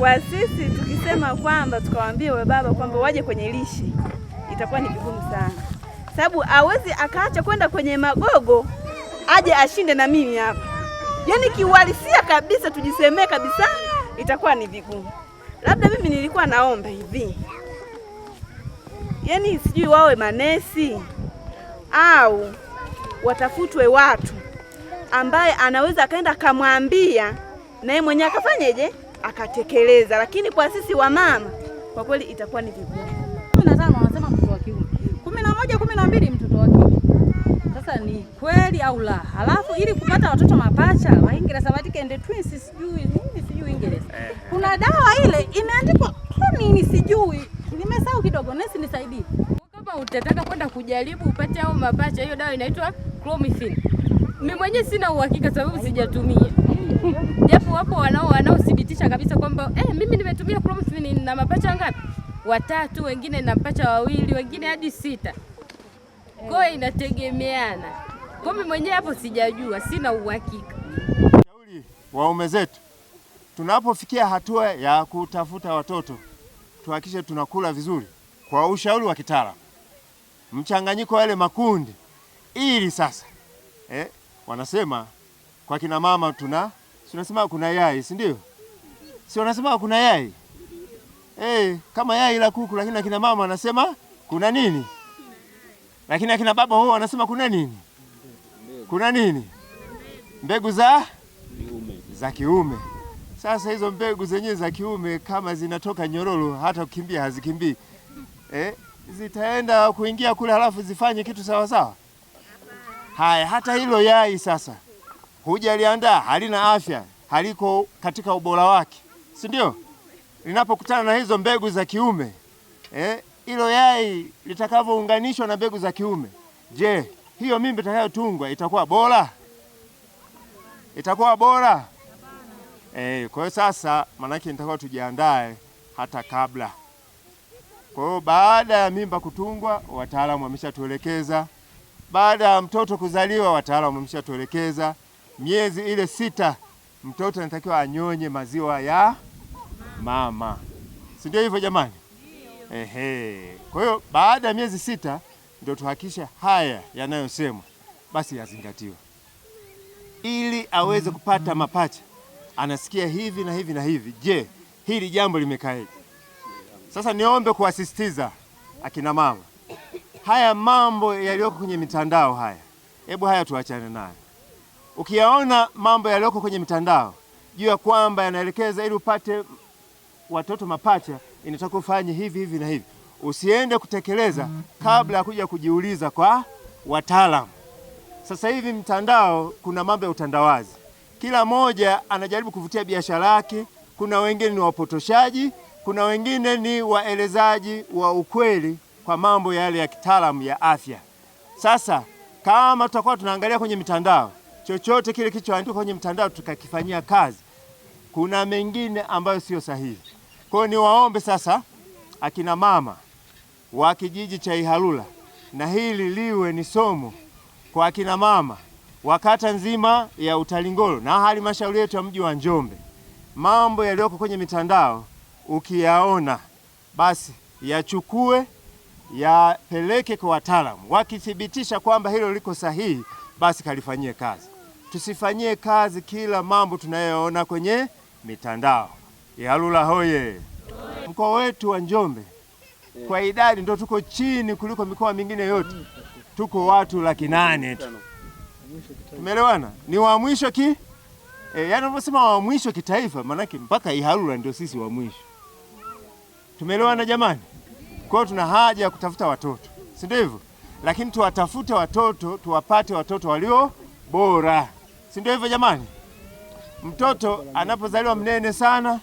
Kwa sisi tukisema kwamba tukawaambia we baba kwamba waje kwenye lishi itakuwa ni vigumu sana, sababu awezi akaacha kwenda kwenye magogo aje ashinde na mimi hapa. Yaani kiuhalisia kabisa, tujisemee kabisa, itakuwa ni vigumu. Labda mimi nilikuwa naomba hivi, yaani sijui wawe manesi au watafutwe watu ambaye anaweza akaenda akamwambia naye mwenyewe akafanyeje akatekeleza, lakini kwa sisi wamama kwa kweli itakuwa ni vigumu. kumi na tano wanasema mtoto wa kiume, kumi na moja kumi na mbili mtoto wa kike. Sasa ni kweli au la? Halafu ili kupata watoto mapacha wa Ingereza Waingereza watikende twins, sijui nini, sijui Ingereza kuna dawa ile imeandikwa nini, sijui nimesahau kidogo, nesi nisaidie kama utataka kwenda kujaribu upate au mapacha. Hiyo dawa inaitwa clomiphene. Mimi mwenyewe sina uhakika sababu sijatumia japo wapo wanaothibitisha kabisa kwamba eh, mimi nimetumia Clomiphene na mapacha ngapi? Watatu, wengine na mapacha wawili, wengine hadi sita. Kwa hiyo inategemeana. Kwa mimi mwenyewe hapo sijajua, sina uhakika. Shauri waume zetu, tunapofikia hatua ya kutafuta watoto tuhakishe tunakula vizuri kwa ushauri wa kitaalamu, mchanganyiko wa yale makundi, ili sasa eh, wanasema kwa kina mama tuna tunasema kuna yai, si ndio? Si wanasema kuna yai hey, eh, kama yai la kuku, lakini akina mama wanasema kuna nini, lakini akina baba huo wanasema kuna nini, kuna nini, mbegu za za kiume. Sasa hizo mbegu zenyewe za kiume kama zinatoka nyororo, hata kukimbia hazikimbii eh, zitaenda kuingia kule, halafu zifanye kitu sawasawa. Haya, hata hilo yai sasa hujaliandaa, halina afya, haliko katika ubora wake, si ndio? Linapokutana na hizo mbegu za kiume eh, ilo yai litakavyounganishwa na mbegu za kiume, je, hiyo mimba itakayotungwa itakuwa bora? Itakuwa bora eh? Kwa hiyo sasa, maanake nitakuwa tujiandae hata kabla. Kwa hiyo baada ya mimba kutungwa, wataalamu wameshatuelekeza. Baada ya mtoto kuzaliwa, wataalamu wameshatuelekeza miezi ile sita mtoto anatakiwa anyonye maziwa ya mama, si ndio hivyo jamani? Ehe, kwa hiyo baada ya miezi sita ndio tuhakikisha haya yanayosemwa basi yazingatiwe, ili aweze kupata mapacha. Anasikia hivi na hivi na hivi. Je, hili jambo limekaeje? Sasa niombe kuwasisitiza akina mama, haya mambo yaliyoko kwenye mitandao haya, hebu haya tuachane nayo ukiyaona mambo yaliyoko kwenye mitandao juu ya kwamba yanaelekeza ili upate watoto mapacha inataka ufanye hivi hivi na hivi, usiende kutekeleza mm-hmm. kabla ya kuja kujiuliza kwa wataalamu. Sasa hivi mtandao, kuna mambo ya utandawazi, kila mmoja anajaribu kuvutia biashara yake. Kuna wengine ni wapotoshaji, kuna wengine ni waelezaji wa ukweli kwa mambo yale ya kitaalamu ya afya. Sasa kama tutakuwa tunaangalia kwenye mitandao chochote kile kilichoandikwa kwenye mtandao tukakifanyia kazi, kuna mengine ambayo sio sahihi. Kwa hiyo niwaombe sasa akina mama wa kijiji cha Ihalula, na hili liwe ni somo kwa akina mama wa kata nzima ya Utalingolo na halmashauri yetu ya mji wa Njombe. Mambo yaliyoko kwenye mitandao ukiyaona, basi yachukue yapeleke kwa wataalamu, wakithibitisha kwamba hilo liko sahihi, basi kalifanyie kazi tusifanyie kazi kila mambo tunayoona kwenye mitandao. Ihalula hoye! Mkoa wetu wa Njombe kwa idadi ndo tuko chini kuliko mikoa mingine yote, tuko watu laki nane tu. Tumeelewana? Ni wa mwisho ki e, yani unavyosema wa mwisho kitaifa, maanake mpaka Ihalula ndio sisi wa mwisho. Tumeelewana jamani? Kwa hiyo tuna haja ya kutafuta watoto, si ndio hivyo? Lakini tuwatafute watoto, tuwapate watoto walio bora si ndio hivyo jamani? Mtoto anapozaliwa mnene sana,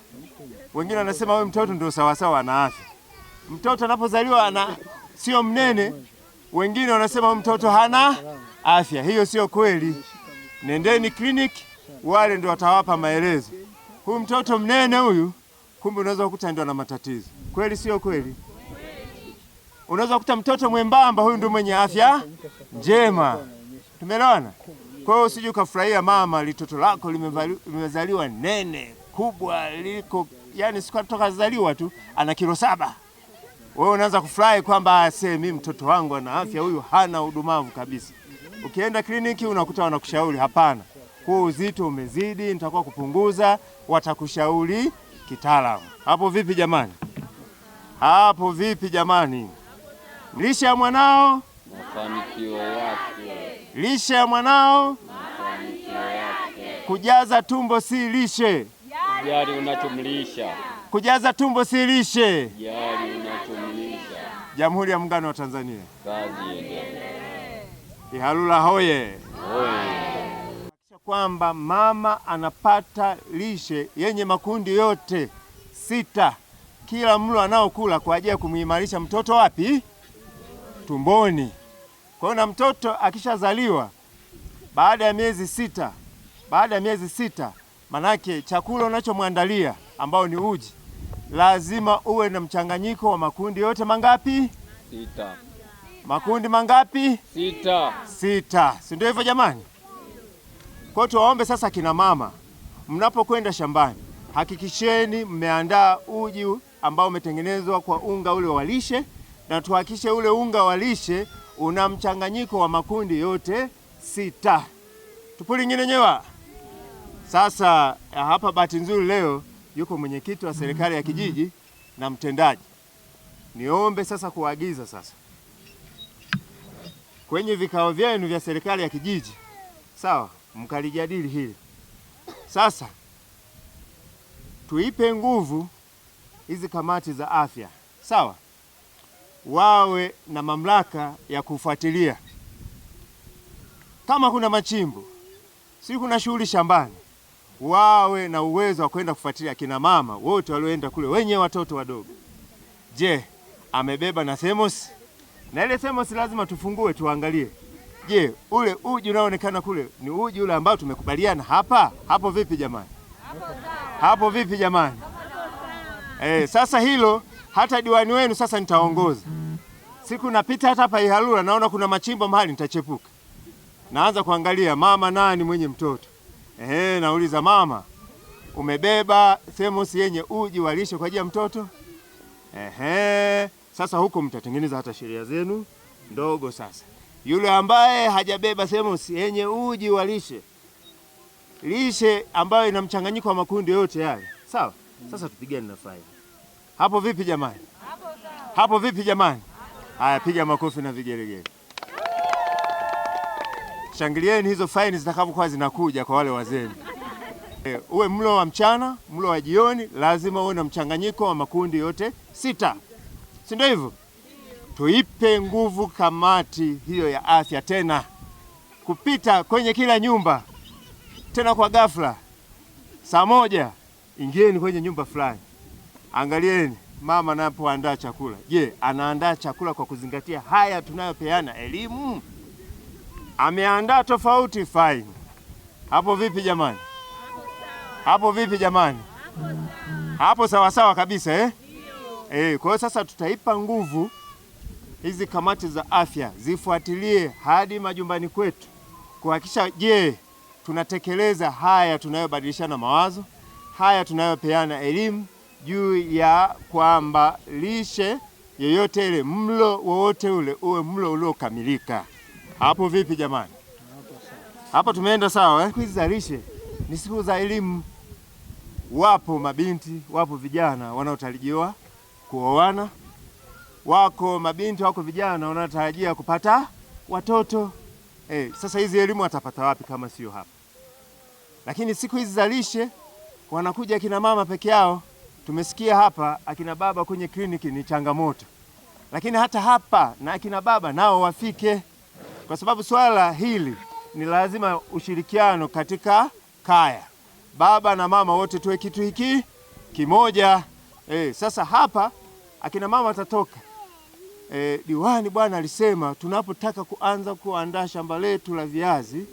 wengine wanasema wewe mtoto ndio sawasawa ana afya. Mtoto anapozaliwa ana sio mnene, wengine wanasema huyu mtoto hana afya. Hiyo sio kweli. Nendeni kliniki, wale ndio watawapa maelezo. Huyu mtoto mnene huyu, kumbe unaweza kukuta ndio ana matatizo. Kweli sio kweli? Unaweza kukuta mtoto mwembamba, huyu ndio mwenye afya njema. Tumeelewana? Kwa hiyo usije ukafurahia mama, litoto lako limezaliwa nene kubwa liko yani, siku toka zaliwa tu ana kilo saba, wewe unaanza kufurahi kwamba ase ah, mimi mtoto wangu ana afya, huyu hana udumavu kabisa. Ukienda kliniki unakuta wanakushauri hapana, kwa uzito umezidi, nitakuwa kupunguza, watakushauri kitaalamu. Hapo vipi jamani? Hapo vipi jamani? Lisha ya mwanao mafanikio yake lishe ya mwanao, Kujaza tumbo si lishe, jali unachomlisha. Kujaza tumbo si lishe, jali unachomlisha. Jamhuri ya Muungano wa Tanzania, kazi iendelee. Ihalula hoye, hoye kwamba mama anapata lishe yenye makundi yote sita kila mlo anaokula kwa ajili ya kumuimarisha mtoto wapi? Tumboni. Kwa hiyo na mtoto akishazaliwa baada ya miezi sita, baada ya miezi sita, manake chakula unachomwandalia ambao ni uji lazima uwe na mchanganyiko wa makundi yote mangapi? Sita. Makundi mangapi? Sita. Sita, si ndio hivyo jamani? Kwa hiyo tuwaombe sasa kina mama, mnapokwenda shambani hakikisheni mmeandaa uji ambao umetengenezwa kwa unga ule wa lishe, na tuhakikishe ule unga wa lishe una mchanganyiko wa makundi yote sita. Tupu lingine nyewa. Sasa eh, hapa bahati nzuri leo yuko mwenyekiti wa serikali ya kijiji na mtendaji. Niombe sasa kuagiza sasa kwenye vikao vyenu vya serikali ya kijiji, sawa, mkalijadili hili sasa. Tuipe nguvu hizi kamati za afya, sawa wawe na mamlaka ya kufuatilia. Kama kuna machimbo, si kuna shughuli shambani, wawe na uwezo wa kwenda kufuatilia kina mama wote walioenda kule wenye watoto wadogo. Je, amebeba na themos Na ile themos lazima tufungue tuangalie, je, ule uji unaoonekana kule ni uji ule ambao tumekubaliana hapa? Hapo vipi jamani? Hapo vipi jamani? Eh, sasa hilo hata diwani wenu sasa nitaongoza. Siku napita hata hapa Ihalula naona kuna machimbo mahali nitachepuka. Naanza kuangalia mama nani mwenye mtoto. Ehe, nauliza mama, umebeba semosi yenye uji wa lishe kwa ajili ya mtoto? Ehe, sasa huko mtatengeneza hata sheria zenu ndogo sasa. Yule ambaye hajabeba semosi yenye uji wa lishe lishe ambayo ina mchanganyiko wa makundi yote yale, Sawa? Sasa tupigane na faida. Hapo vipi jamani? Hapo vipi jamani? Haya, piga makofi na vigelegele, shangilieni hizo faini zitakavyokuwa zinakuja kwa wale wazeni. Eh, uwe mlo wa mchana, mlo wa jioni, lazima uwe na mchanganyiko wa makundi yote sita, si ndio hivyo? Tuipe nguvu kamati hiyo ya afya, tena kupita kwenye kila nyumba, tena kwa ghafla, saa moja ingieni kwenye nyumba fulani Angalieni mama anapoandaa chakula. Je, anaandaa chakula kwa kuzingatia haya tunayopeana elimu? Ameandaa tofauti, fine. Hapo vipi jamani? Hapo vipi jamani? Hapo sawasawa sawa kabisa eh? Eh, kwa hiyo sasa tutaipa nguvu hizi kamati za afya zifuatilie hadi majumbani kwetu kuhakikisha, je, tunatekeleza haya tunayobadilishana mawazo, haya tunayopeana elimu juu ya kwamba lishe yeyote ile, mlo wowote ule uwe mlo uliokamilika. Hapo vipi jamani? hapo tumeenda sawa eh? Siku hizi za lishe ni siku za elimu. Wapo mabinti, wapo vijana wanaotarajiwa kuoana, wako mabinti, wako vijana wanaotarajia kupata watoto. Eh, sasa hizi elimu atapata wapi kama sio hapa? Lakini siku hizi za lishe wanakuja kina mama peke yao. Tumesikia hapa akina baba kwenye kliniki ni changamoto, lakini hata hapa na akina baba nao wafike, kwa sababu swala hili ni lazima ushirikiano katika kaya. Baba na mama wote tuwe kitu hiki kimoja. E, sasa hapa akina mama watatoka e, diwani bwana alisema tunapotaka kuanza kuandaa shamba letu la viazi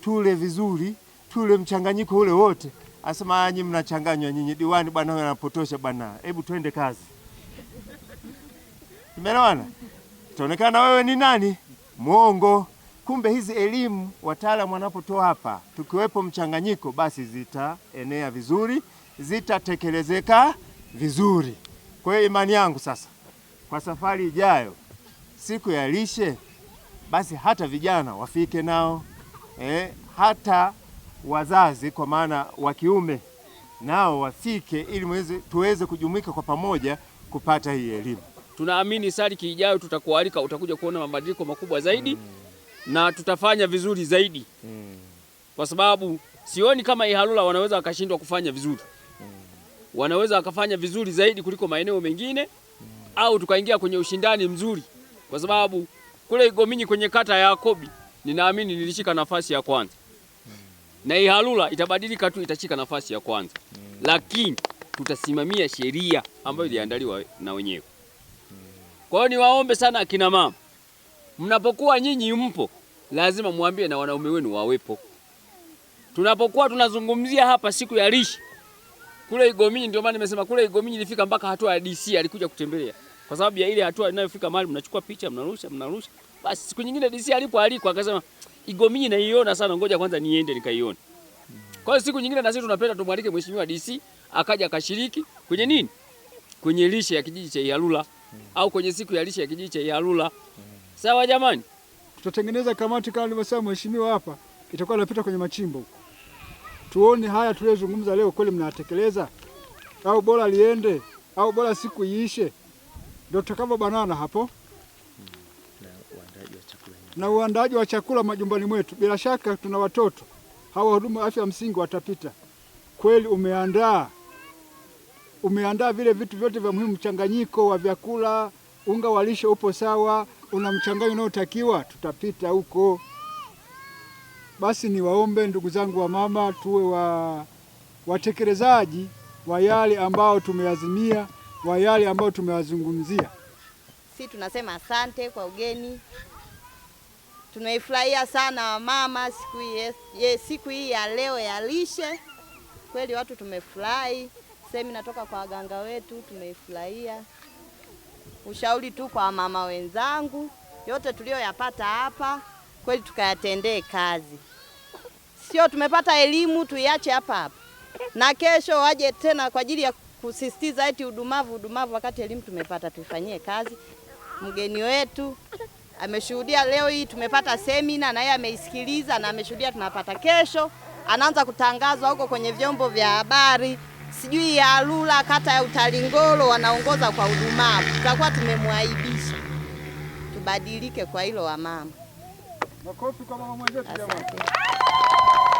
tule vizuri, tule mchanganyiko ule wote. Asema nyinyi mnachanganywa nyinyi, diwani bwana huyo anapotosha bwana, hebu twende kazi. Tumeelewana? Tuonekana wewe ni nani mwongo. Kumbe hizi elimu wataalamu wanapotoa hapa, tukiwepo mchanganyiko, basi zitaenea vizuri, zitatekelezeka vizuri. Kwa hiyo imani yangu sasa, kwa safari ijayo, siku ya lishe, basi hata vijana wafike nao eh, hata wazazi kwa maana wa kiume nao wafike ili mweze, tuweze kujumuika kwa pamoja kupata hii elimu. Tunaamini sariki ijayo tutakualika, utakuja kuona mabadiliko makubwa zaidi mm. na tutafanya vizuri zaidi mm. kwa sababu sioni kama Ihalula wanaweza wakashindwa kufanya vizuri mm. wanaweza wakafanya vizuri zaidi kuliko maeneo mengine mm. au tukaingia kwenye ushindani mzuri, kwa sababu kule Igominyi kwenye kata ya Yakobi ninaamini nilishika nafasi ya kwanza na ihalula itabadilika tu, itashika nafasi ya kwanza mm. Lakini tutasimamia sheria ambayo hmm. iliandaliwa na wenyewe. Kwa hiyo niwaombe sana akina mama, mnapokuwa nyinyi mpo, lazima mwambie na wanaume wenu wawepo. Tunapokuwa tunazungumzia hapa siku ya lishi kule Igominyi, ndio maana nimesema kule Igominyi ilifika mpaka hatua ya DC alikuja kutembelea, kwa sababu ya ile hatua inayofika mahali mnachukua picha mnarusha mnarusha. Basi siku nyingine DC alipo aliko akasema Igomii naiona sana, ngoja kwanza niende nikaione. Kwa hiyo siku nyingine na sisi tunapenda tumwalike mheshimiwa DC akaja akashiriki kwenye nini, kwenye lishe ya kijiji cha Ihalula au kwenye siku ya lishe ya kijiji cha Ihalula. Sawa jamani, tutatengeneza kamati kama alivyosema mheshimiwa hapa, itakuwa inapita kwenye machimbo huko, tuone haya tuliyozungumza leo kweli mnayatekeleza au bora liende au bora siku iishe, ndio tutakavyo banana hapo na uandaaji wa chakula majumbani mwetu. Bila shaka tuna watoto hawa, wa afya msingi watapita. Kweli umeandaa umeandaa vile vitu vyote vya muhimu, mchanganyiko wa vyakula, unga wa lishe upo sawa, una mchanganyo unaotakiwa, tutapita huko. Basi niwaombe ndugu zangu wa mama, tuwe wa watekelezaji wa yale ambao tumeazimia, wa yale ambao tumewazungumzia. Si tunasema asante kwa ugeni. Tumeifurahia sana wamama siku hii yes, siku hii ya leo ya lishe. Kweli watu tumefurahi, sehemu inatoka kwa waganga wetu, tumeifurahia. Ushauri tu kwa wamama wenzangu, yote tuliyoyapata hapa kweli tukayatendee kazi, sio tumepata elimu tuiache hapa hapa, na kesho waje tena kwa ajili ya kusisitiza eti udumavu udumavu, wakati elimu tumepata. Tuifanyie kazi mgeni wetu ameshuhudia leo hii tumepata semina na yeye ameisikiliza na ameshuhudia tunapata kesho. Anaanza kutangazwa huko kwenye vyombo vya habari, sijui ya Alula kata ya Utalingolo wanaongoza kwa udumavu. Tutakuwa tumemwaibisha, tubadilike kwa hilo wamama. Makofi kwa mama mwenzetu jamani.